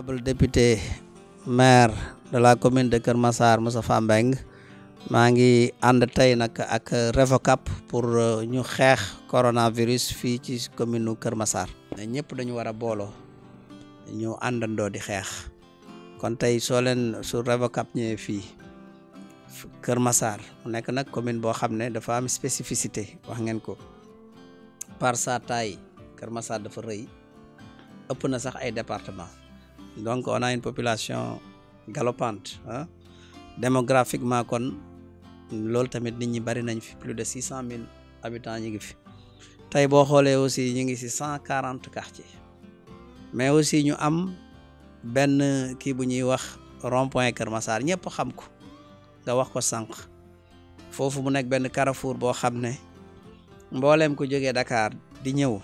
honorable député maire de la commune de Kër Massar Moustapha Mbeng maa ngi and tay nak ak Revocap pour ñu xex coronavirus fi ci commune nu Kër Massar. ñëpp dañu wara bolo ñu andando di xex kon tay so len su Revocap ñe fi Kër Massar mu nekk nag commune bo xamne dafa am spécificité wax ngeen ko par sa tay Kër Massar dafa reuy ëpp na sax ay département donc on a une population galopante hein? démographiquement kon lol tamit nit ñi bari nañ fi plus de 600000 habitants ñi ngi fi tay bo xolé aussi ñi ngi ci 140 quartiers mais aussi ñu am ben ki bu ñuy wax rond point Kër Massar ñëpp xam ko nga wax ko sank fofu mu nek ben carrefour bo xamne mbollem ko joge Dakar di ñew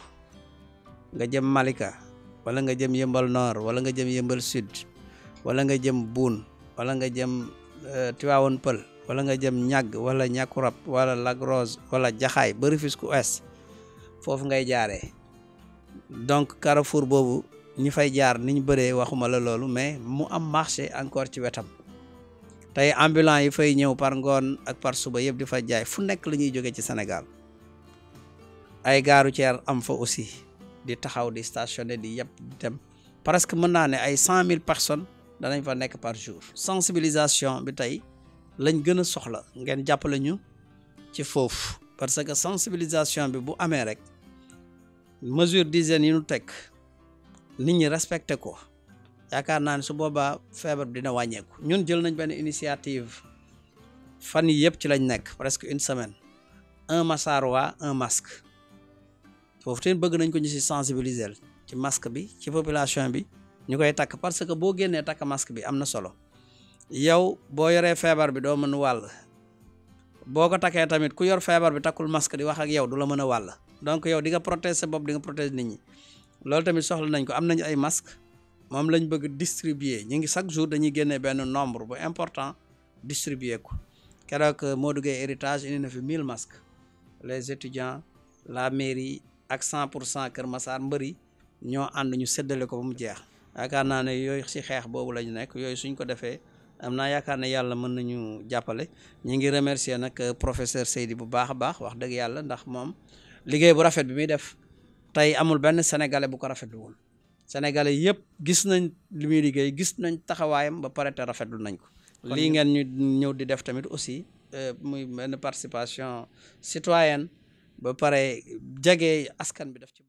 nga jëm Malika wala nga jëm yëmbal noor wala nga jëm yëmbal sud wala nga jëm buun wala nga jëm euh, Tivaouane Pël wala nga jëm ñàgg wala ñàkkurab wala lagros Rose wala jaxaay ba Rufisque Ouest foofu ngay jaare donc carrefour boobu ñi fay jaar niñ bëree waxuma la loolu mais mu am marché encore ci wetam tey ambulants yi fay ñëw par ngoon ak par suba yëpp di fa jaay fu nekk la ñuy jóge ci senegal ay gaaru ceer am fa aussi di taxaw di stationné di yeb dem presque mën naa ne ay 100000 personnes danañ fa nekk par jour sensibilisation bi tey lañ gën a soxla ngeen jàppale ñu ci foofu parce que sensibilisation bi bu amee rek mesure d'hygiène yi ñu teg nit ñi respecté ko yaakaar naa ne su boobaa feebar dina wàññeeku ñun jël nañ benn initiative fan yi yëpp ci lañ nekk presque une semaine un massarois un masque foofu te bëgg nañ ko ñu si sensibiliser ci masque bi ci population bi ñu koy takk parce que boo génnee takk masque bi am na solo yow boo yoree feebar bi doo mën wàll boo ko takkee tamit ku yor feebar bi takkul masque di wax ak yow du la mën a wàll donc yow di nga protéger sa bopp di nga protéger nit ñi loolu tamit soxla nañ ko am nañ ay masque moom lañ bëgg distribuer ñu ngi chaque jour dañuy génnee benn nombre bu important distribuer ko keroog moo duggee héritage indi na fi 1000 masques les étudiants la mairie. ak 100 keur Massar mbeuri ño and ñu séddale ko bu mu jeex yaakaar na né yoy ci xex bobu lañu nek yoy suñ ko défé amna naa yaakaar yalla mën nañu jappalé ñi ngi remercier nak euh, professeur Seydi bu baax baax wax dëgg yalla ndax mom liggéey bu rafet bi mi def tay amul ben sénégalais bu ko rafetlu woon sénégalais yépp gis nañ limi liggéey gis nañ taxawayam ba pare te rafetlu nañ ko. li ngeen ñu ñëw di def tamit aussi euh muy participation citoyenne. ba pare jage askan bi daf ci